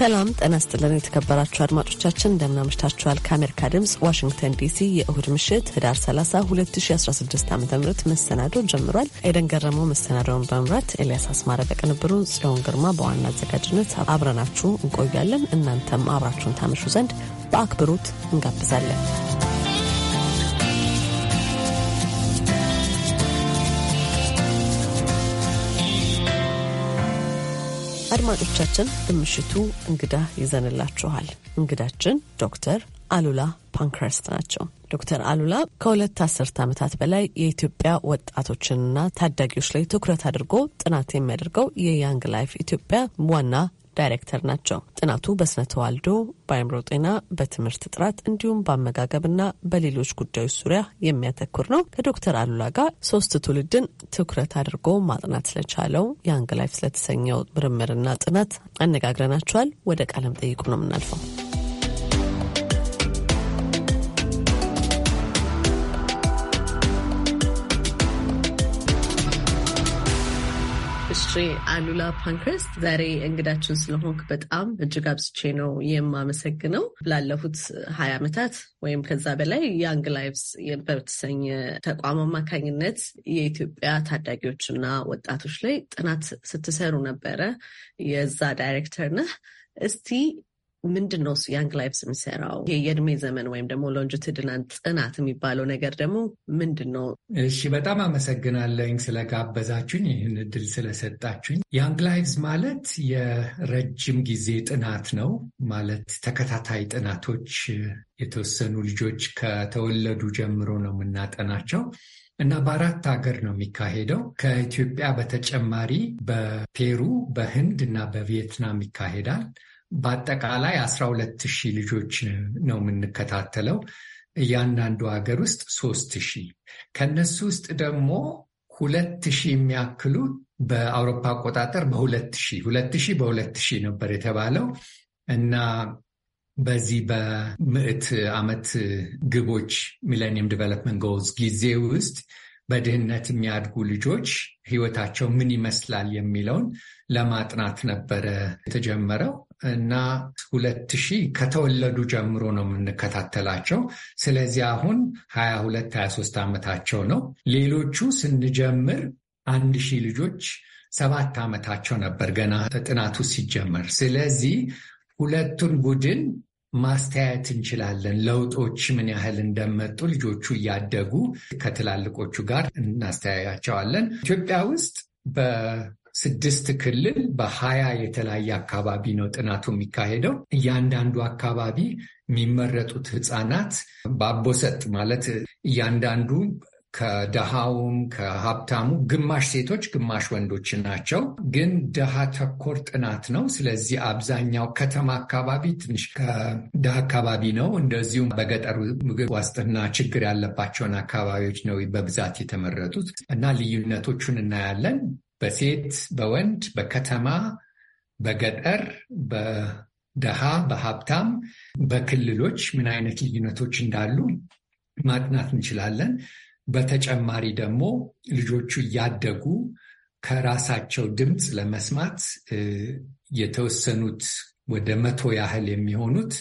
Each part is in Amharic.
ሰላም ጤና ይስጥልን የተከበራችሁ አድማጮቻችን እንደምናመሽታችኋል። ከአሜሪካ ድምፅ ዋሽንግተን ዲሲ የእሁድ ምሽት ህዳር 30 2016 ዓ ም መሰናዶ ጀምሯል። ኤደን ገረመው መሰናዶውን በመምራት ኤልያስ አስማረ በቅንብሩ፣ ጽዮን ግርማ በዋና አዘጋጅነት አብረናችሁ እንቆያለን። እናንተም አብራችሁን ታመሹ ዘንድ በአክብሮት እንጋብዛለን። አድማጮቻችን በምሽቱ እንግዳ ይዘንላችኋል። እንግዳችን ዶክተር አሉላ ፓንክረስት ናቸው። ዶክተር አሉላ ከሁለት አስርት ዓመታት በላይ የኢትዮጵያ ወጣቶችንና ታዳጊዎች ላይ ትኩረት አድርጎ ጥናት የሚያደርገው የያንግ ላይፍ ኢትዮጵያ ዋና ዳይሬክተር ናቸው። ጥናቱ በስነ ተዋልዶ፣ በአእምሮ ጤና፣ በትምህርት ጥራት እንዲሁም በአመጋገብና በሌሎች ጉዳዮች ዙሪያ የሚያተኩር ነው። ከዶክተር አሉላ ጋር ሶስት ትውልድን ትኩረት አድርጎ ማጥናት ስለቻለው ያንግ ላይፍ ስለተሰኘው ምርምርና ጥናት አነጋግረናቸዋል። ወደ ቃለም ጠይቁ ነው የምናልፈው። እሺ አሉላ ፓንክረስት ዛሬ እንግዳችን ስለሆንክ በጣም እጅግ አብዝቼ ነው የማመሰግነው። ላለፉት ሀያ ዓመታት ወይም ከዛ በላይ ያንግ ላይቭስ በተሰኘ ተቋም አማካኝነት የኢትዮጵያ ታዳጊዎችና ወጣቶች ላይ ጥናት ስትሰሩ ነበረ። የዛ ዳይሬክተር ነህ። እስቲ ምንድን ነው እሱ ያንግ ላይፍስ የሚሰራው? የእድሜ ዘመን ወይም ደግሞ ሎንጅትድናን ጥናት የሚባለው ነገር ደግሞ ምንድን ነው? እሺ፣ በጣም አመሰግናለኝ ስለጋበዛችሁኝ፣ ይህን እድል ስለሰጣችሁኝ። ያንግ ላይፍስ ማለት የረጅም ጊዜ ጥናት ነው ማለት ተከታታይ ጥናቶች የተወሰኑ ልጆች ከተወለዱ ጀምሮ ነው የምናጠናቸው እና በአራት ሀገር ነው የሚካሄደው። ከኢትዮጵያ በተጨማሪ በፔሩ፣ በህንድ እና በቪየትናም ይካሄዳል። በአጠቃላይ 12 ሺህ ልጆች ነው የምንከታተለው። እያንዳንዱ ሀገር ውስጥ ሶስት ሺህ ከነሱ ውስጥ ደግሞ ሁለት ሺህ የሚያክሉ በአውሮፓ አቆጣጠር በሁለት ሺህ ሁለት ሺህ በሁለት ሺህ ነበር የተባለው እና በዚህ በምዕት ዓመት ግቦች ሚሌኒየም ዲቨሎፕመንት ጎልስ ጊዜ ውስጥ በድህነት የሚያድጉ ልጆች ህይወታቸው ምን ይመስላል የሚለውን ለማጥናት ነበረ የተጀመረው። እና ሁለት ሺህ ከተወለዱ ጀምሮ ነው የምንከታተላቸው። ስለዚህ አሁን ሀያ ሁለት ሀያ ሶስት ዓመታቸው ነው። ሌሎቹ ስንጀምር አንድ ሺህ ልጆች ሰባት ዓመታቸው ነበር ገና ጥናቱ ሲጀመር። ስለዚህ ሁለቱን ቡድን ማስተያየት እንችላለን። ለውጦች ምን ያህል እንደመጡ ልጆቹ እያደጉ ከትላልቆቹ ጋር እናስተያያቸዋለን። ኢትዮጵያ ውስጥ ስድስት ክልል በሀያ የተለያየ አካባቢ ነው ጥናቱ የሚካሄደው። እያንዳንዱ አካባቢ የሚመረጡት ህፃናት በአቦሰጥ ማለት እያንዳንዱ ከደሃውም ከሀብታሙ ግማሽ ሴቶች ግማሽ ወንዶች ናቸው። ግን ደሃ ተኮር ጥናት ነው። ስለዚህ አብዛኛው ከተማ አካባቢ ትንሽ ከደሃ አካባቢ ነው። እንደዚሁም በገጠሩ ምግብ ዋስትና ችግር ያለባቸውን አካባቢዎች ነው በብዛት የተመረጡት እና ልዩነቶቹን እናያለን። በሴት በወንድ በከተማ በገጠር በደሃ በሀብታም በክልሎች ምን አይነት ልዩነቶች እንዳሉ ማጥናት እንችላለን። በተጨማሪ ደግሞ ልጆቹ እያደጉ ከራሳቸው ድምፅ ለመስማት የተወሰኑት ወደ መቶ ያህል የሚሆኑት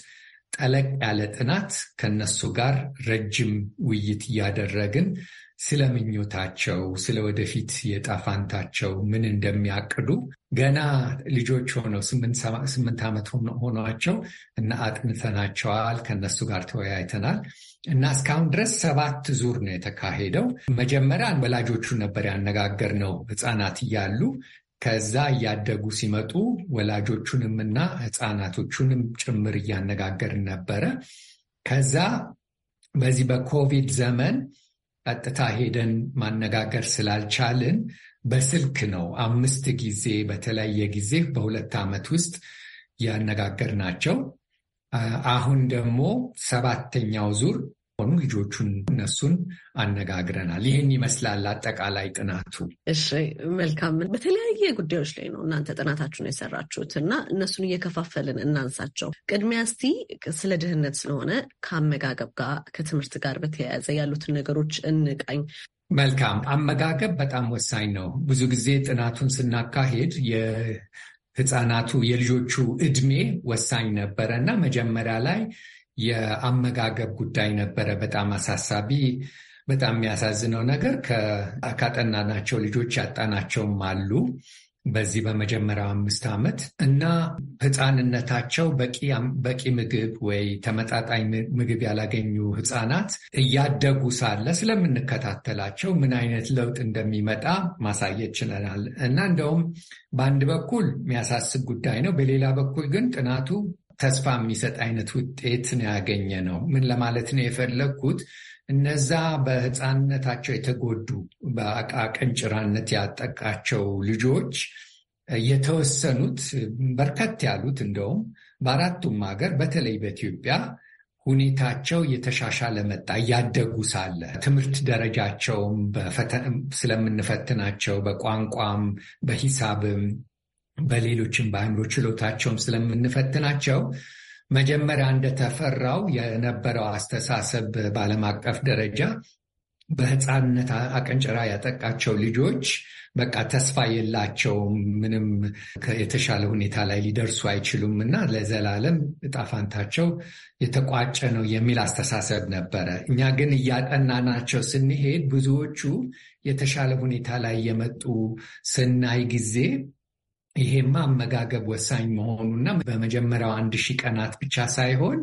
ጠለቅ ያለ ጥናት ከነሱ ጋር ረጅም ውይይት እያደረግን ስለ ምኞታቸው፣ ስለ ወደፊት የጣፋንታቸው ምን እንደሚያቅዱ ገና ልጆች ሆነው ስምንት ዓመት ሆኗቸው እና አጥንተናቸዋል። ከነሱ ጋር ተወያይተናል እና እስካሁን ድረስ ሰባት ዙር ነው የተካሄደው። መጀመሪያን ወላጆቹን ነበር ያነጋገርነው ህፃናት እያሉ ከዛ እያደጉ ሲመጡ ወላጆቹንም እና ህፃናቶቹንም ጭምር እያነጋገርን ነበረ። ከዛ በዚህ በኮቪድ ዘመን ቀጥታ ሄደን ማነጋገር ስላልቻልን በስልክ ነው አምስት ጊዜ በተለያየ ጊዜ በሁለት ዓመት ውስጥ ያነጋገር ናቸው። አሁን ደግሞ ሰባተኛው ዙር ሆኑ ልጆቹን እነሱን አነጋግረናል። ይህን ይመስላል አጠቃላይ ጥናቱ። እሺ መልካም። በተለያየ ጉዳዮች ላይ ነው እናንተ ጥናታችሁን የሰራችሁት እና እነሱን እየከፋፈልን እናንሳቸው። ቅድሚያ እስቲ ስለ ድህነት ስለሆነ ከአመጋገብ ጋር ከትምህርት ጋር በተያያዘ ያሉትን ነገሮች እንቃኝ። መልካም። አመጋገብ በጣም ወሳኝ ነው። ብዙ ጊዜ ጥናቱን ስናካሄድ የህፃናቱ የልጆቹ እድሜ ወሳኝ ነበረ እና መጀመሪያ ላይ የአመጋገብ ጉዳይ ነበረ በጣም አሳሳቢ። በጣም የሚያሳዝነው ነገር ካጠናናቸው ልጆች ያጣናቸውም አሉ በዚህ በመጀመሪያው አምስት ዓመት እና ህፃንነታቸው በቂ ምግብ ወይ ተመጣጣኝ ምግብ ያላገኙ ህፃናት እያደጉ ሳለ ስለምንከታተላቸው ምን አይነት ለውጥ እንደሚመጣ ማሳየት ችለናል እና እንደውም በአንድ በኩል የሚያሳስብ ጉዳይ ነው። በሌላ በኩል ግን ጥናቱ ተስፋ የሚሰጥ አይነት ውጤት ነው ያገኘ ነው። ምን ለማለት ነው የፈለግኩት? እነዛ በህፃንነታቸው የተጎዱ በአቃቀንጭራነት ያጠቃቸው ልጆች የተወሰኑት በርከት ያሉት እንደውም በአራቱም ሀገር በተለይ በኢትዮጵያ ሁኔታቸው እየተሻሻለ መጣ። እያደጉ ሳለ ትምህርት ደረጃቸውም ስለምንፈትናቸው በቋንቋም በሂሳብም በሌሎችም በአእምሮ ችሎታቸውም ስለምንፈትናቸው መጀመሪያ እንደተፈራው የነበረው አስተሳሰብ በዓለም አቀፍ ደረጃ በህፃንነት አቀንጨራ ያጠቃቸው ልጆች በቃ ተስፋ የላቸውም፣ ምንም የተሻለ ሁኔታ ላይ ሊደርሱ አይችሉም እና ለዘላለም እጣፋንታቸው የተቋጨ ነው የሚል አስተሳሰብ ነበረ። እኛ ግን እያጠናናቸው ስንሄድ ብዙዎቹ የተሻለ ሁኔታ ላይ የመጡ ስናይ ጊዜ ይሄማ አመጋገብ ወሳኝ መሆኑና በመጀመሪያው አንድ ሺህ ቀናት ብቻ ሳይሆን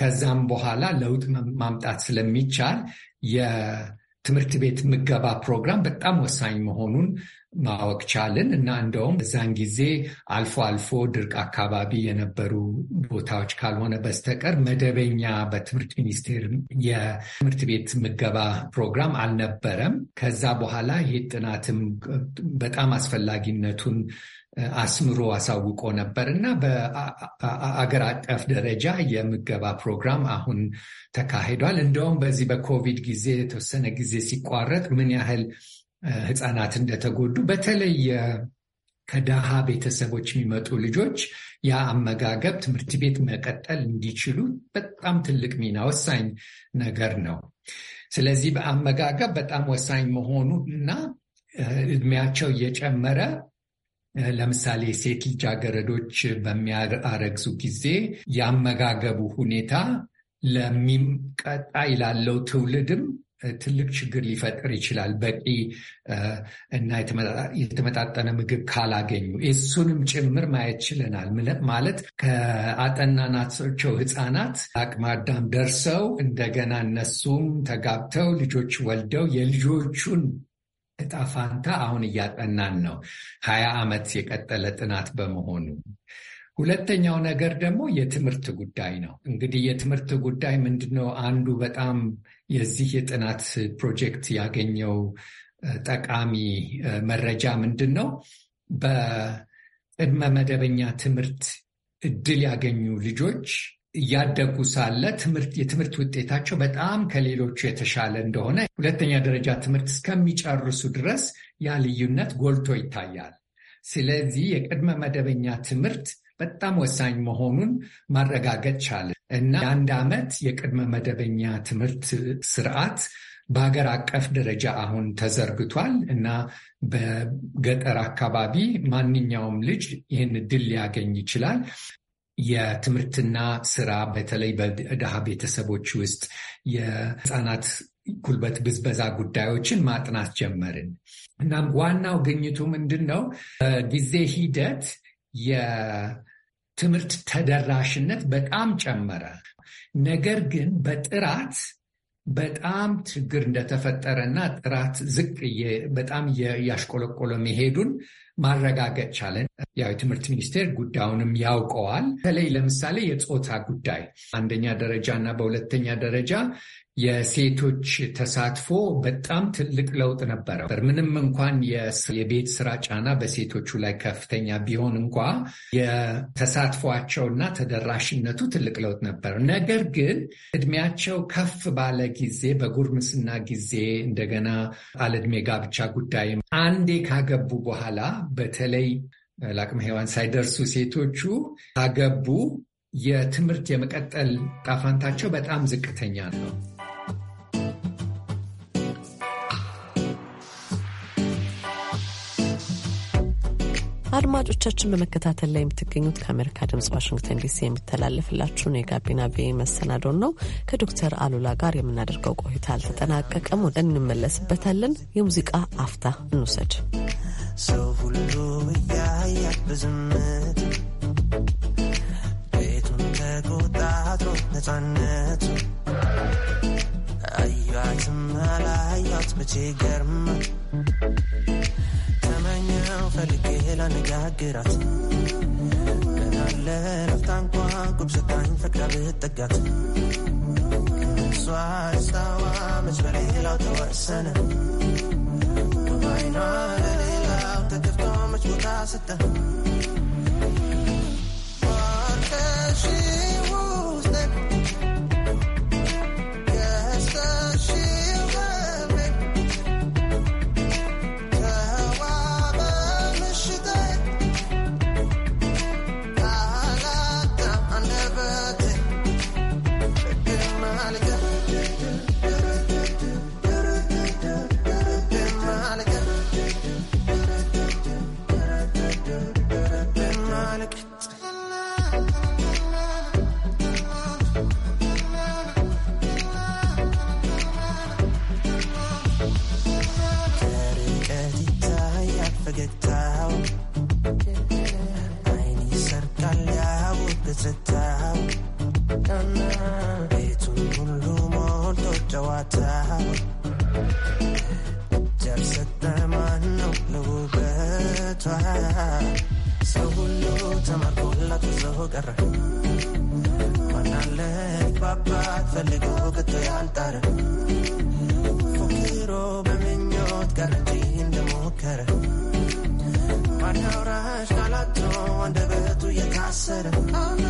ከዛም በኋላ ለውጥ ማምጣት ስለሚቻል የትምህርት ቤት ምገባ ፕሮግራም በጣም ወሳኝ መሆኑን ማወቅ ቻልን እና እንደውም እዛን ጊዜ አልፎ አልፎ ድርቅ አካባቢ የነበሩ ቦታዎች ካልሆነ በስተቀር መደበኛ በትምህርት ሚኒስቴር የትምህርት ቤት ምገባ ፕሮግራም አልነበረም። ከዛ በኋላ ይህ ጥናትም በጣም አስፈላጊነቱን አስምሮ አሳውቆ ነበር እና በአገር አቀፍ ደረጃ የምገባ ፕሮግራም አሁን ተካሂዷል። እንደውም በዚህ በኮቪድ ጊዜ የተወሰነ ጊዜ ሲቋረጥ ምን ያህል ሕፃናት እንደተጎዱ በተለይ ከደሃ ቤተሰቦች የሚመጡ ልጆች የአመጋገብ ትምህርት ቤት መቀጠል እንዲችሉ በጣም ትልቅ ሚና ወሳኝ ነገር ነው። ስለዚህ በአመጋገብ በጣም ወሳኝ መሆኑ እና እድሜያቸው እየጨመረ ለምሳሌ ሴት ልጃገረዶች በሚያረግዙ ጊዜ የአመጋገቡ ሁኔታ ለሚቀጣይ ላለው ትውልድም ትልቅ ችግር ሊፈጥር ይችላል። በቂ እና የተመጣጠነ ምግብ ካላገኙ እሱንም ጭምር ማየት ችለናል። ማለት ከአጠናናቸው ህፃናት አቅመ አዳም ደርሰው እንደገና እነሱም ተጋብተው ልጆች ወልደው የልጆቹን እጣ ፋንታ አሁን እያጠናን ነው፣ ሀያ ዓመት የቀጠለ ጥናት በመሆኑ። ሁለተኛው ነገር ደግሞ የትምህርት ጉዳይ ነው። እንግዲህ የትምህርት ጉዳይ ምንድነው? አንዱ በጣም የዚህ የጥናት ፕሮጀክት ያገኘው ጠቃሚ መረጃ ምንድን ነው? በቅድመ መደበኛ ትምህርት እድል ያገኙ ልጆች እያደጉ ሳለ ትምህርት የትምህርት ውጤታቸው በጣም ከሌሎቹ የተሻለ እንደሆነ ሁለተኛ ደረጃ ትምህርት እስከሚጨርሱ ድረስ ያ ልዩነት ጎልቶ ይታያል። ስለዚህ የቅድመ መደበኛ ትምህርት በጣም ወሳኝ መሆኑን ማረጋገጥ ቻለ እና የአንድ ዓመት የቅድመ መደበኛ ትምህርት ስርዓት በሀገር አቀፍ ደረጃ አሁን ተዘርግቷል እና በገጠር አካባቢ ማንኛውም ልጅ ይህን እድል ሊያገኝ ይችላል። የትምህርትና ስራ በተለይ በድሃ ቤተሰቦች ውስጥ የህፃናት ጉልበት ብዝበዛ ጉዳዮችን ማጥናት ጀመርን። እናም ዋናው ግኝቱ ምንድን ነው? በጊዜ ሂደት የትምህርት ተደራሽነት በጣም ጨመረ። ነገር ግን በጥራት በጣም ችግር እንደተፈጠረና ጥራት ዝቅ በጣም እያሽቆለቆለ መሄዱን ማረጋገጥ ቻለን። ያው የትምህርት ሚኒስቴር ጉዳዩንም ያውቀዋል። በተለይ ለምሳሌ የጾታ ጉዳይ አንደኛ ደረጃ እና በሁለተኛ ደረጃ የሴቶች ተሳትፎ በጣም ትልቅ ለውጥ ነበረው። ምንም እንኳን የቤት ስራ ጫና በሴቶቹ ላይ ከፍተኛ ቢሆን እንኳ የተሳትፏቸውና ተደራሽነቱ ትልቅ ለውጥ ነበረው። ነገር ግን እድሜያቸው ከፍ ባለ ጊዜ፣ በጉርምስና ጊዜ እንደገና አለዕድሜ ጋብቻ ጉዳይ አንዴ ካገቡ በኋላ በተለይ ለአቅመ ሔዋን ሳይደርሱ ሴቶቹ ካገቡ የትምህርት የመቀጠል ጣፋንታቸው በጣም ዝቅተኛ ነው። አድማጮቻችን በመከታተል ላይ የምትገኙት ከአሜሪካ ድምጽ ዋሽንግተን ዲሲ የሚተላለፍላችሁን የጋቢና ቤ መሰናዶን ነው። ከዶክተር አሉላ ጋር የምናደርገው ቆይታ አልተጠናቀቀም። እንመለስበታለን። የሙዚቃ አፍታ እንውሰድ። ሰው ሁሉ እያያት በዝምት ቤቱን ተቆጣጥሮ አያትም አላያት መቼ ገርማ ነው ፈልጌ ላነጋግራት ገናለ ላፍታ እንኳ ጉብስታኝ ፈቅዳ ብትጠጋት እሷ ደስታዋ መች በሌላው ተወሰነ ባይኗ ለሌላው ተከፍቶ መች ቦታ ሰጠ I said, I'm coming.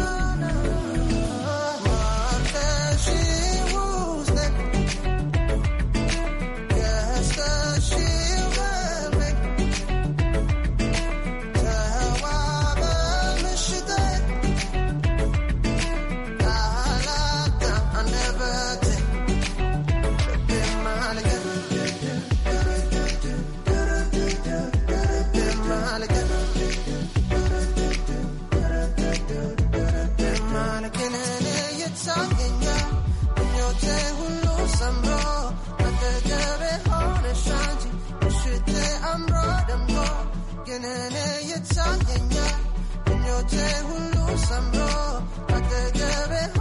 noche un luz para que lleves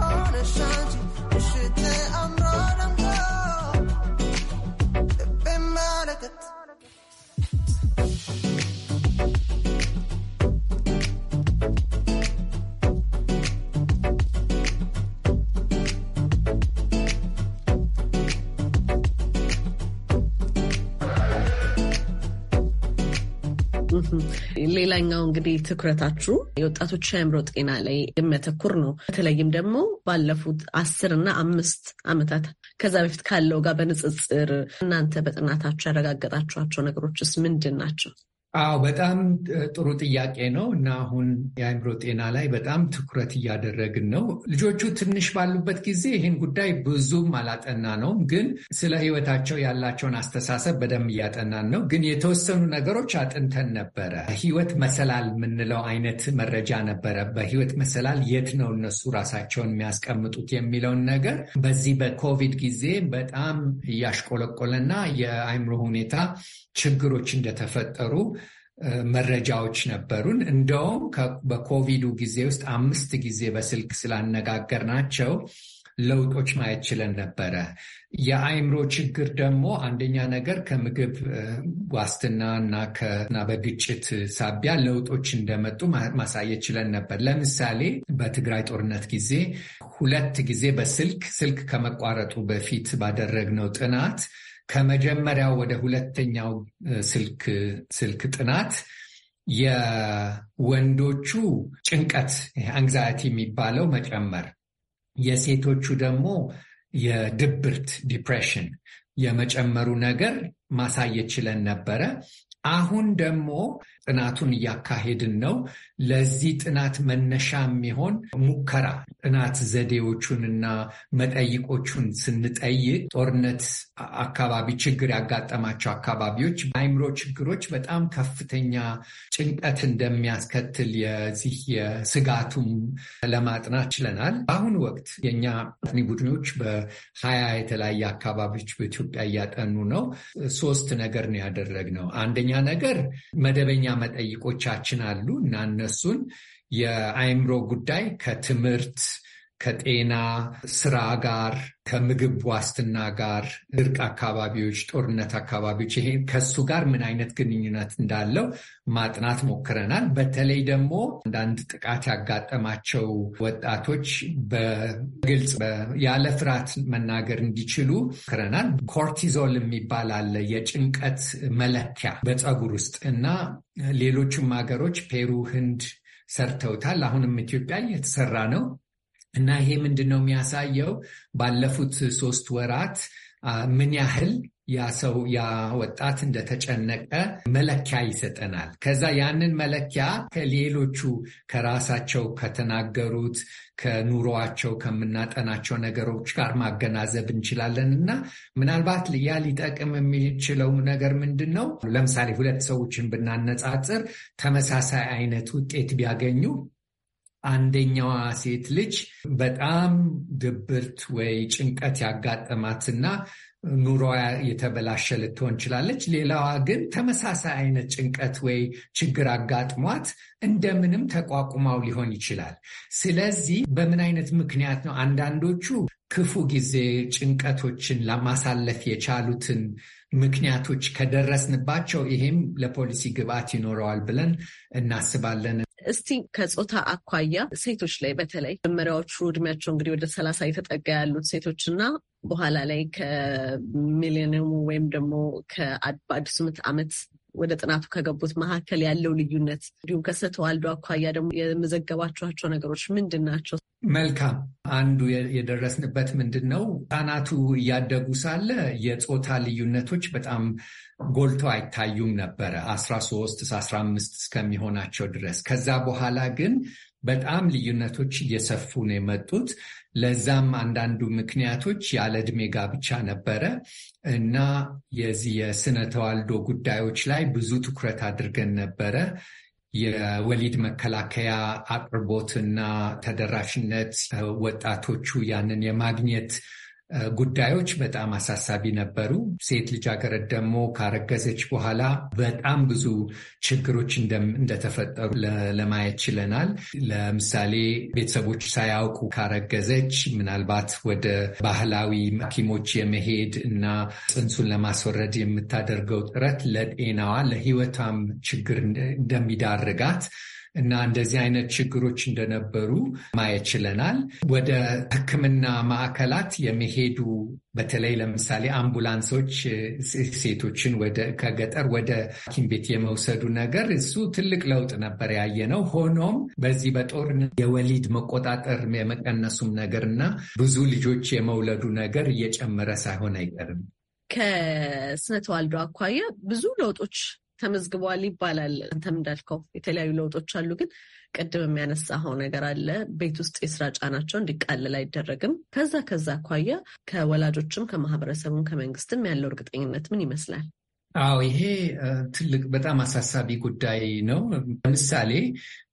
አብዛኛው እንግዲህ ትኩረታችሁ የወጣቶች አእምሮ ጤና ላይ የሚያተኩር ነው። በተለይም ደግሞ ባለፉት አስር እና አምስት ዓመታት ከዛ በፊት ካለው ጋር በንጽጽር እናንተ በጥናታችሁ ያረጋገጣችኋቸው ነገሮችስ ምንድን ናቸው? አዎ በጣም ጥሩ ጥያቄ ነው እና አሁን የአእምሮ ጤና ላይ በጣም ትኩረት እያደረግን ነው። ልጆቹ ትንሽ ባሉበት ጊዜ ይህን ጉዳይ ብዙም አላጠና ነውም፣ ግን ስለ ህይወታቸው ያላቸውን አስተሳሰብ በደንብ እያጠናን ነው። ግን የተወሰኑ ነገሮች አጥንተን ነበረ። ህይወት መሰላል የምንለው አይነት መረጃ ነበረ። በህይወት መሰላል የት ነው እነሱ ራሳቸውን የሚያስቀምጡት የሚለውን ነገር በዚህ በኮቪድ ጊዜ በጣም እያሽቆለቆለና የአእምሮ ሁኔታ ችግሮች እንደተፈጠሩ መረጃዎች ነበሩን። እንደውም በኮቪዱ ጊዜ ውስጥ አምስት ጊዜ በስልክ ስላነጋገር ናቸው ለውጦች ማየት ችለን ነበረ። የአእምሮ ችግር ደግሞ አንደኛ ነገር ከምግብ ዋስትና እና በግጭት ሳቢያ ለውጦች እንደመጡ ማሳየት ችለን ነበር። ለምሳሌ በትግራይ ጦርነት ጊዜ ሁለት ጊዜ በስልክ ስልክ ከመቋረጡ በፊት ባደረግነው ጥናት ከመጀመሪያው ወደ ሁለተኛው ስልክ ስልክ ጥናት የወንዶቹ ጭንቀት አንግዛይቲ የሚባለው መጨመር፣ የሴቶቹ ደግሞ የድብርት ዲፕሬሽን የመጨመሩ ነገር ማሳየት ችለን ነበረ። አሁን ደግሞ ጥናቱን እያካሄድን ነው። ለዚህ ጥናት መነሻ የሚሆን ሙከራ ጥናት ዘዴዎቹንና መጠይቆቹን ስንጠይቅ ጦርነት አካባቢ ችግር ያጋጠማቸው አካባቢዎች አእምሮ ችግሮች በጣም ከፍተኛ ጭንቀት እንደሚያስከትል የዚህ የስጋቱም ለማጥናት ችለናል። በአሁኑ ወቅት የእኛ አጥኚ ቡድኖች በሀያ የተለያየ አካባቢዎች በኢትዮጵያ እያጠኑ ነው። ሶስት ነገር ነው ያደረግነው አንደኛ ሁለተኛ ነገር መደበኛ መጠይቆቻችን አሉ እና እነሱን የአእምሮ ጉዳይ ከትምህርት ከጤና ስራ ጋር ከምግብ ዋስትና ጋር ድርቅ አካባቢዎች፣ ጦርነት አካባቢዎች ይሄ ከሱ ጋር ምን አይነት ግንኙነት እንዳለው ማጥናት ሞክረናል። በተለይ ደግሞ አንዳንድ ጥቃት ያጋጠማቸው ወጣቶች በግልጽ ያለ ፍርሃት መናገር እንዲችሉ ሞክረናል። ኮርቲዞል የሚባል አለ የጭንቀት መለኪያ በፀጉር ውስጥ እና ሌሎችም ሀገሮች ፔሩ፣ ህንድ ሰርተውታል። አሁንም ኢትዮጵያ እየተሰራ ነው። እና ይሄ ምንድን ነው የሚያሳየው ባለፉት ሶስት ወራት ምን ያህል ያ ሰው ያ ወጣት እንደተጨነቀ መለኪያ ይሰጠናል። ከዛ ያንን መለኪያ ከሌሎቹ ከራሳቸው ከተናገሩት ከኑሮዋቸው ከምናጠናቸው ነገሮች ጋር ማገናዘብ እንችላለን እና ምናልባት ያ ሊጠቅም የሚችለው ነገር ምንድን ነው? ለምሳሌ ሁለት ሰዎችን ብናነጻጽር ተመሳሳይ አይነት ውጤት ቢያገኙ አንደኛዋ ሴት ልጅ በጣም ድብርት ወይ ጭንቀት ያጋጠማትና ኑሮ የተበላሸ ልትሆን ችላለች። ሌላዋ ግን ተመሳሳይ አይነት ጭንቀት ወይ ችግር አጋጥሟት እንደምንም ተቋቁማው ሊሆን ይችላል። ስለዚህ በምን አይነት ምክንያት ነው አንዳንዶቹ ክፉ ጊዜ ጭንቀቶችን ለማሳለፍ የቻሉትን ምክንያቶች ከደረስንባቸው፣ ይሄም ለፖሊሲ ግብዓት ይኖረዋል ብለን እናስባለን። እስቲ ከጾታ አኳያ ሴቶች ላይ በተለይ መመሪያዎቹ እድሜያቸው እንግዲህ ወደ ሰላሳ የተጠጋ ያሉት ሴቶች እና በኋላ ላይ ከሚሊኒየሙ ወይም ደግሞ ከአዲሱ ምዕተ ዓመት ወደ ጥናቱ ከገቡት መካከል ያለው ልዩነት እንዲሁም ከስነ አኳያ ደግሞ የመዘገባቸኋቸው ነገሮች ምንድን ናቸው? መልካም። አንዱ የደረስንበት ምንድን ነው፣ ህጻናቱ እያደጉ ሳለ የፆታ ልዩነቶች በጣም ጎልተው አይታዩም ነበረ 13 15 እስከሚሆናቸው ድረስ። ከዛ በኋላ ግን በጣም ልዩነቶች እየሰፉ ነው የመጡት። ለዛም አንዳንዱ ምክንያቶች ያለ እድሜ ጋብቻ ነበረ እና የዚህ የስነ ተዋልዶ ጉዳዮች ላይ ብዙ ትኩረት አድርገን ነበረ። የወሊድ መከላከያ አቅርቦትና ተደራሽነት፣ ወጣቶቹ ያንን የማግኘት ጉዳዮች በጣም አሳሳቢ ነበሩ። ሴት ልጃገረድ ደግሞ ካረገዘች በኋላ በጣም ብዙ ችግሮች እንደተፈጠሩ ለማየት ችለናል። ለምሳሌ ቤተሰቦች ሳያውቁ ካረገዘች ምናልባት ወደ ባህላዊ ሐኪሞች የመሄድ እና ጽንሱን ለማስወረድ የምታደርገው ጥረት ለጤናዋ ለሕይወቷም ችግር እንደሚዳርጋት እና እንደዚህ አይነት ችግሮች እንደነበሩ ማየት ችለናል። ወደ ሕክምና ማዕከላት የመሄዱ በተለይ ለምሳሌ አምቡላንሶች ሴቶችን ከገጠር ወደ ሐኪም ቤት የመውሰዱ ነገር እሱ ትልቅ ለውጥ ነበር ያየ ነው። ሆኖም በዚህ በጦርነት የወሊድ መቆጣጠር የመቀነሱም ነገር እና ብዙ ልጆች የመውለዱ ነገር እየጨመረ ሳይሆን አይቀርም። ከስነ ተዋልዶ አኳያ ብዙ ለውጦች ተመዝግበዋል ይባላል። አንተም እንዳልከው የተለያዩ ለውጦች አሉ። ግን ቅድም የሚያነሳኸው ነገር አለ። ቤት ውስጥ የስራ ጫናቸው እንዲቃለል አይደረግም። ከዛ ከዛ አኳያ ከወላጆችም ከማህበረሰቡም ከመንግስትም ያለው እርግጠኝነት ምን ይመስላል? አዎ ይሄ ትልቅ በጣም አሳሳቢ ጉዳይ ነው። ለምሳሌ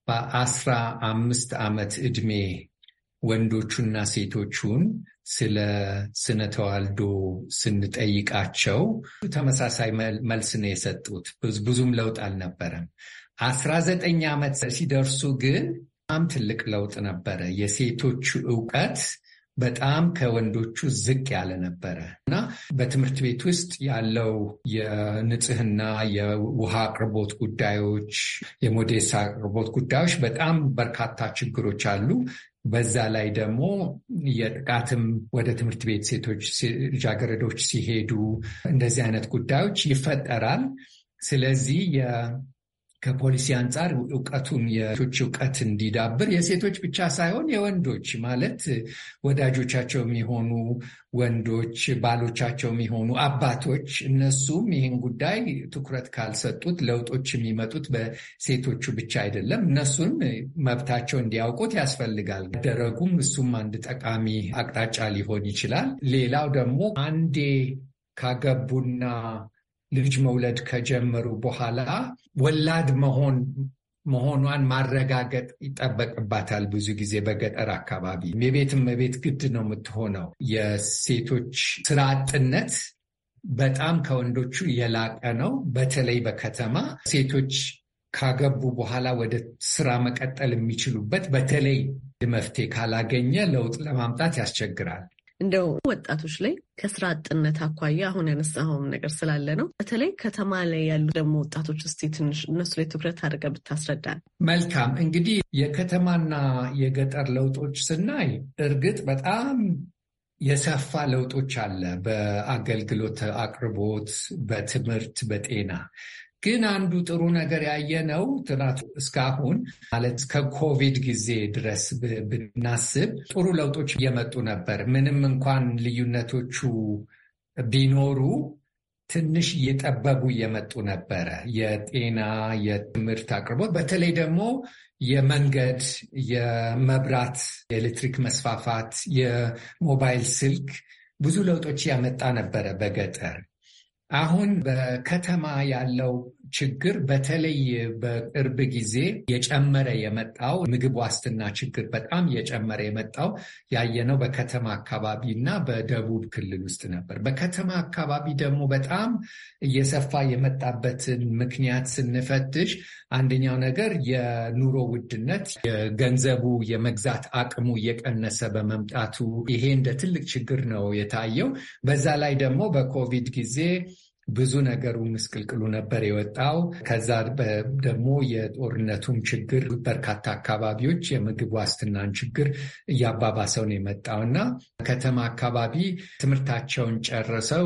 በአስራ አምስት ዓመት ዕድሜ ወንዶቹና ሴቶቹን ስለ ስነ ተዋልዶ ስንጠይቃቸው ተመሳሳይ መልስ ነው የሰጡት። ብዙም ለውጥ አልነበረም። አስራ ዘጠኝ ዓመት ሲደርሱ ግን በጣም ትልቅ ለውጥ ነበረ። የሴቶቹ እውቀት በጣም ከወንዶቹ ዝቅ ያለ ነበረ እና በትምህርት ቤት ውስጥ ያለው የንጽህና የውሃ አቅርቦት ጉዳዮች፣ የሞዴስ አቅርቦት ጉዳዮች በጣም በርካታ ችግሮች አሉ። በዛ ላይ ደግሞ የጥቃትም ወደ ትምህርት ቤት ሴቶች ልጃገረዶች ሲሄዱ እንደዚህ አይነት ጉዳዮች ይፈጠራል። ስለዚህ ከፖሊሲ አንጻር እውቀቱን የሴቶች እውቀት እንዲዳብር የሴቶች ብቻ ሳይሆን የወንዶች ማለት ወዳጆቻቸው የሚሆኑ ወንዶች፣ ባሎቻቸው የሚሆኑ አባቶች፣ እነሱም ይህን ጉዳይ ትኩረት ካልሰጡት ለውጦች የሚመጡት በሴቶቹ ብቻ አይደለም። እነሱን መብታቸው እንዲያውቁት ያስፈልጋል። ደረጉም እሱም አንድ ጠቃሚ አቅጣጫ ሊሆን ይችላል። ሌላው ደግሞ አንዴ ካገቡና ልጅ መውለድ ከጀመሩ በኋላ ወላድ መሆን መሆኗን ማረጋገጥ ይጠበቅባታል። ብዙ ጊዜ በገጠር አካባቢ የቤትም ቤት ግድ ነው የምትሆነው። የሴቶች ስራ አጥነት በጣም ከወንዶቹ የላቀ ነው። በተለይ በከተማ ሴቶች ካገቡ በኋላ ወደ ስራ መቀጠል የሚችሉበት በተለይ መፍትሄ ካላገኘ ለውጥ ለማምጣት ያስቸግራል። እንደው ወጣቶች ላይ ከስራ አጥነት አኳያ አሁን ያነሳኸውም ነገር ስላለ ነው። በተለይ ከተማ ላይ ያሉ ደግሞ ወጣቶች ውስጥ ትንሽ እነሱ ላይ ትኩረት አድርገ ብታስረዳል። መልካም እንግዲህ የከተማና የገጠር ለውጦች ስናይ እርግጥ በጣም የሰፋ ለውጦች አለ። በአገልግሎት አቅርቦት፣ በትምህርት፣ በጤና ግን አንዱ ጥሩ ነገር ያየነው ትናንት እስካሁን ማለት ከኮቪድ ጊዜ ድረስ ብናስብ ጥሩ ለውጦች እየመጡ ነበር። ምንም እንኳን ልዩነቶቹ ቢኖሩ ትንሽ እየጠበቡ እየመጡ ነበረ። የጤና የትምህርት አቅርቦት በተለይ ደግሞ የመንገድ፣ የመብራት፣ የኤሌክትሪክ መስፋፋት፣ የሞባይል ስልክ ብዙ ለውጦች ያመጣ ነበረ በገጠር። አሁን በከተማ ያለው ችግር በተለይ በቅርብ ጊዜ የጨመረ የመጣው ምግብ ዋስትና ችግር በጣም የጨመረ የመጣው ያየነው በከተማ አካባቢ እና በደቡብ ክልል ውስጥ ነበር። በከተማ አካባቢ ደግሞ በጣም እየሰፋ የመጣበትን ምክንያት ስንፈትሽ አንደኛው ነገር የኑሮ ውድነት፣ የገንዘቡ የመግዛት አቅሙ እየቀነሰ በመምጣቱ ይሄ እንደ ትልቅ ችግር ነው የታየው። በዛ ላይ ደግሞ በኮቪድ ጊዜ ብዙ ነገሩ ምስቅልቅሉ ነበር የወጣው። ከዛ ደግሞ የጦርነቱም ችግር በርካታ አካባቢዎች የምግብ ዋስትናን ችግር እያባባሰው ነው የመጣው እና ከተማ አካባቢ ትምህርታቸውን ጨርሰው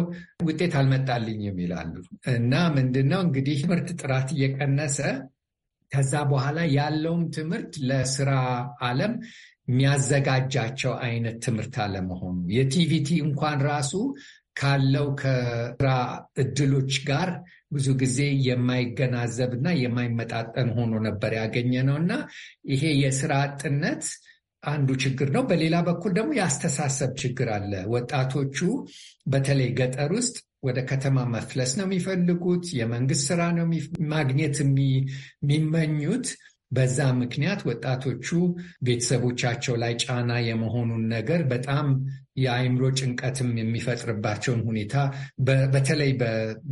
ውጤት አልመጣልኝም ይላሉ እና ምንድነው እንግዲህ ትምህርት ጥራት እየቀነሰ ከዛ በኋላ ያለውም ትምህርት ለስራ ዓለም የሚያዘጋጃቸው አይነት ትምህርት አለመሆኑ የቲቪቲ እንኳን ራሱ ካለው ከስራ እድሎች ጋር ብዙ ጊዜ የማይገናዘብ እና የማይመጣጠን ሆኖ ነበር ያገኘ ነው እና ይሄ የስራ አጥነት አንዱ ችግር ነው። በሌላ በኩል ደግሞ የአስተሳሰብ ችግር አለ። ወጣቶቹ በተለይ ገጠር ውስጥ ወደ ከተማ መፍለስ ነው የሚፈልጉት። የመንግስት ስራ ነው ማግኘት የሚመኙት። በዛ ምክንያት ወጣቶቹ ቤተሰቦቻቸው ላይ ጫና የመሆኑን ነገር በጣም የአይምሮ ጭንቀትም የሚፈጥርባቸውን ሁኔታ በተለይ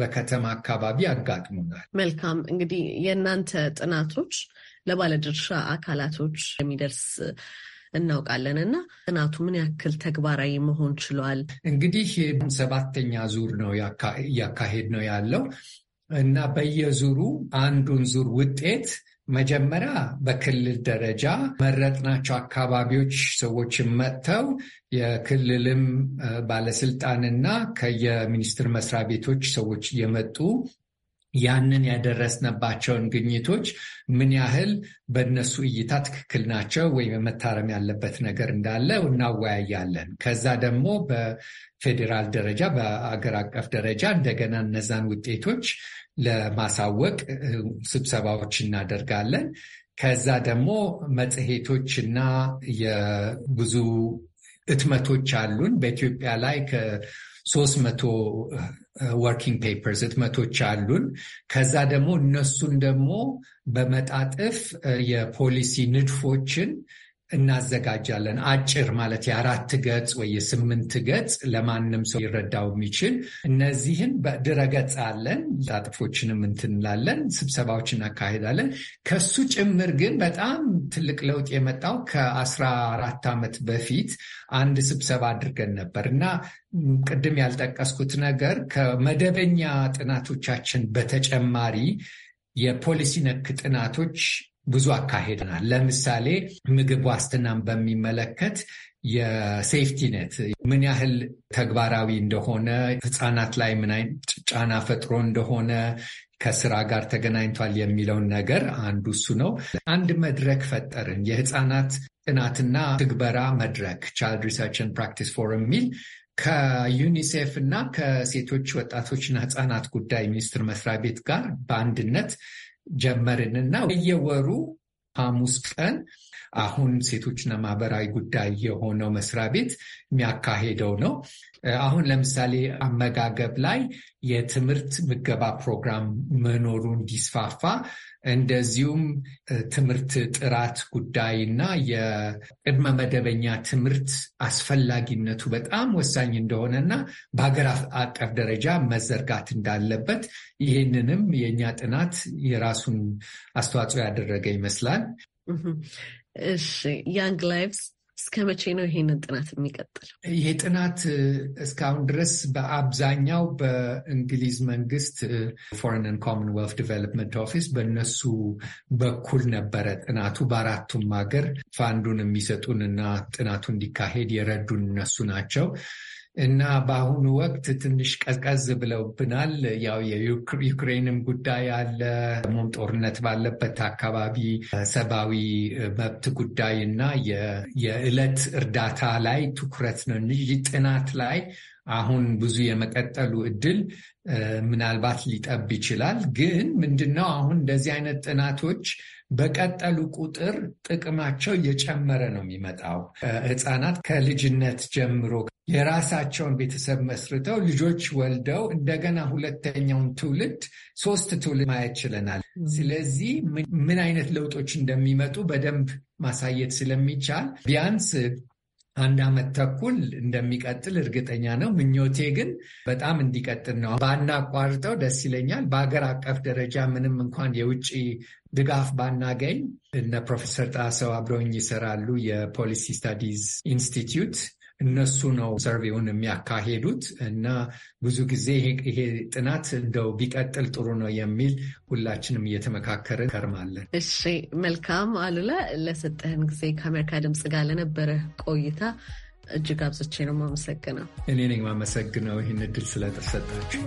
በከተማ አካባቢ አጋጥሙናል። መልካም እንግዲህ የእናንተ ጥናቶች ለባለድርሻ አካላቶች የሚደርስ እናውቃለን እና ጥናቱ ምን ያክል ተግባራዊ መሆን ችሏል? እንግዲህ ሰባተኛ ዙር ነው እያካሄድ ነው ያለው እና በየዙሩ አንዱን ዙር ውጤት መጀመሪያ በክልል ደረጃ መረጥናቸው አካባቢዎች ሰዎችን መጥተው የክልልም ባለስልጣንና ከየሚኒስቴር መስሪያ ቤቶች ሰዎች እየመጡ ያንን ያደረስነባቸውን ግኝቶች ምን ያህል በእነሱ እይታ ትክክል ናቸው ወይም መታረም ያለበት ነገር እንዳለ እናወያያለን። ከዛ ደግሞ በፌዴራል ደረጃ በአገር አቀፍ ደረጃ እንደገና እነዛን ውጤቶች ለማሳወቅ ስብሰባዎች እናደርጋለን። ከዛ ደግሞ መጽሔቶች እና የብዙ እትመቶች አሉን። በኢትዮጵያ ላይ ከሶስት መቶ ወርኪንግ ፔፐርስ እትመቶች አሉን። ከዛ ደግሞ እነሱን ደግሞ በመጣጥፍ የፖሊሲ ንድፎችን እናዘጋጃለን። አጭር ማለት የአራት ገጽ ወይ የስምንት ገጽ ለማንም ሰው ሊረዳው የሚችል እነዚህን በድረገጽ አለን። ጣጥፎችንም እንትንላለን፣ ስብሰባዎች እናካሄዳለን። ከሱ ጭምር ግን በጣም ትልቅ ለውጥ የመጣው ከአስራ አራት ዓመት በፊት አንድ ስብሰባ አድርገን ነበር እና ቅድም ያልጠቀስኩት ነገር ከመደበኛ ጥናቶቻችን በተጨማሪ የፖሊሲ ነክ ጥናቶች ብዙ አካሄድናል። ለምሳሌ ምግብ ዋስትናን በሚመለከት የሴፍቲ ምን ያህል ተግባራዊ እንደሆነ፣ ህፃናት ላይ ምን አይነት ጫና ፈጥሮ እንደሆነ ከስራ ጋር ተገናኝቷል የሚለውን ነገር አንዱ እሱ ነው። አንድ መድረክ ፈጠርን። የህፃናት ጥናትና ትግበራ መድረክ ቻይልድ ሪሰርችን ፕራክቲስ ፎረም የሚል ከዩኒሴፍ እና ከሴቶች ወጣቶችና ህፃናት ጉዳይ ሚኒስቴር መስሪያ ቤት ጋር በአንድነት ጀመርንና በየወሩ ሐሙስ ቀን አሁን ሴቶችና ማህበራዊ ጉዳይ የሆነው መስሪያ ቤት የሚያካሄደው ነው። አሁን ለምሳሌ አመጋገብ ላይ የትምህርት ምገባ ፕሮግራም መኖሩ እንዲስፋፋ እንደዚሁም ትምህርት ጥራት ጉዳይና የቅድመ መደበኛ ትምህርት አስፈላጊነቱ በጣም ወሳኝ እንደሆነ እና በሀገር አቀፍ ደረጃ መዘርጋት እንዳለበት ይህንንም የእኛ ጥናት የራሱን አስተዋጽኦ ያደረገ ይመስላል። እሺ ያንግ ላይቭስ እስከ መቼ ነው ይሄንን ጥናት የሚቀጥለው? ይሄ ጥናት እስካሁን ድረስ በአብዛኛው በእንግሊዝ መንግስት ፎሬን ኤንድ ኮመንዌልት ዲቨሎፕመንት ኦፊስ በእነሱ በኩል ነበረ ጥናቱ። በአራቱም ሀገር ፋንዱን የሚሰጡን እና ጥናቱ እንዲካሄድ የረዱን እነሱ ናቸው። እና በአሁኑ ወቅት ትንሽ ቀዝቀዝ ብለውብናል። ያው የዩክሬንም ጉዳይ አለ፣ ደግሞም ጦርነት ባለበት አካባቢ ሰብአዊ መብት ጉዳይ እና የዕለት እርዳታ ላይ ትኩረት ነው እንጂ ጥናት ላይ አሁን ብዙ የመቀጠሉ እድል ምናልባት ሊጠብ ይችላል። ግን ምንድነው አሁን እንደዚህ አይነት ጥናቶች በቀጠሉ ቁጥር ጥቅማቸው እየጨመረ ነው የሚመጣው። ህፃናት ከልጅነት ጀምሮ የራሳቸውን ቤተሰብ መስርተው ልጆች ወልደው እንደገና ሁለተኛውን ትውልድ ሶስት ትውልድ ማየት ችለናል። ስለዚህ ምን አይነት ለውጦች እንደሚመጡ በደንብ ማሳየት ስለሚቻል ቢያንስ አንድ ዓመት ተኩል እንደሚቀጥል እርግጠኛ ነው። ምኞቴ ግን በጣም እንዲቀጥል ነው። ባናቋርጠው ደስ ይለኛል። በሀገር አቀፍ ደረጃ ምንም እንኳን የውጭ ድጋፍ ባናገኝ እነ ፕሮፌሰር ጣሰው አብረውኝ ይሰራሉ የፖሊሲ ስታዲዝ ኢንስቲትዩት እነሱ ነው ሰርቬውን የሚያካሄዱት እና ብዙ ጊዜ ይሄ ጥናት እንደው ቢቀጥል ጥሩ ነው የሚል ሁላችንም እየተመካከርን ከርማለን። እሺ፣ መልካም አሉላ፣ ለሰጠህን ጊዜ ከአሜሪካ ድምፅ ጋር ለነበረ ቆይታ እጅግ አብዝቼ ነው የማመሰግነው። እኔ ነኝ የማመሰግነው ይህን እድል ስለተሰጣችሁ።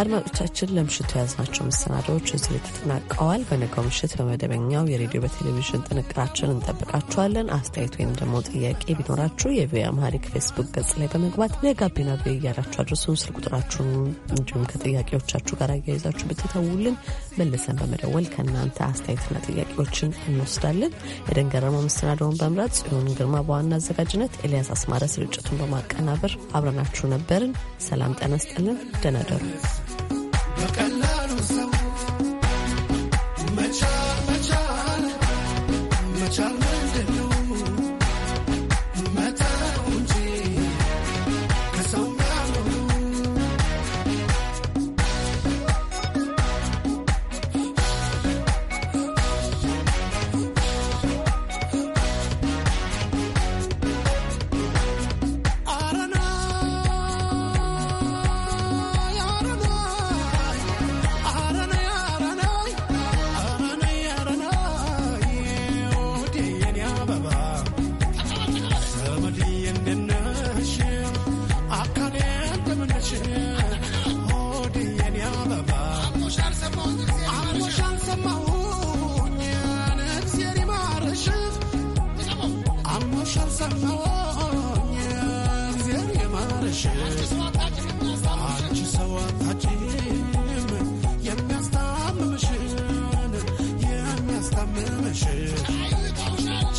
አድማጮቻችን ለምሽቱ የያዝናቸው መሰናዳዎች እዚህ ላይ ተጠናቀዋል። በነገው ምሽት በመደበኛው የሬዲዮ በቴሌቪዥን ጥንቅራችን እንጠብቃችኋለን። አስተያየት ወይም ደግሞ ጥያቄ ቢኖራችሁ የቪኦኤ አማሪክ ፌስቡክ ገጽ ላይ በመግባት ለጋቢና ቪኦኤ እያላችሁ አድርሱን። ስልክ ቁጥራችሁን እንዲሁም ከጥያቄዎቻችሁ ጋር አያይዛችሁ ብትተውልን መልሰን በመደወል ከእናንተ አስተያየትና ጥያቄዎችን እንወስዳለን። የደንገረመው መሰናዳውን በመምራት ጽዮን ግርማ በዋና አዘጋጅነት፣ ኤልያስ አስማረ ስርጭቱን በማቀናበር አብረናችሁ ነበርን። ሰላም ጠነስጥልን ደናደሩ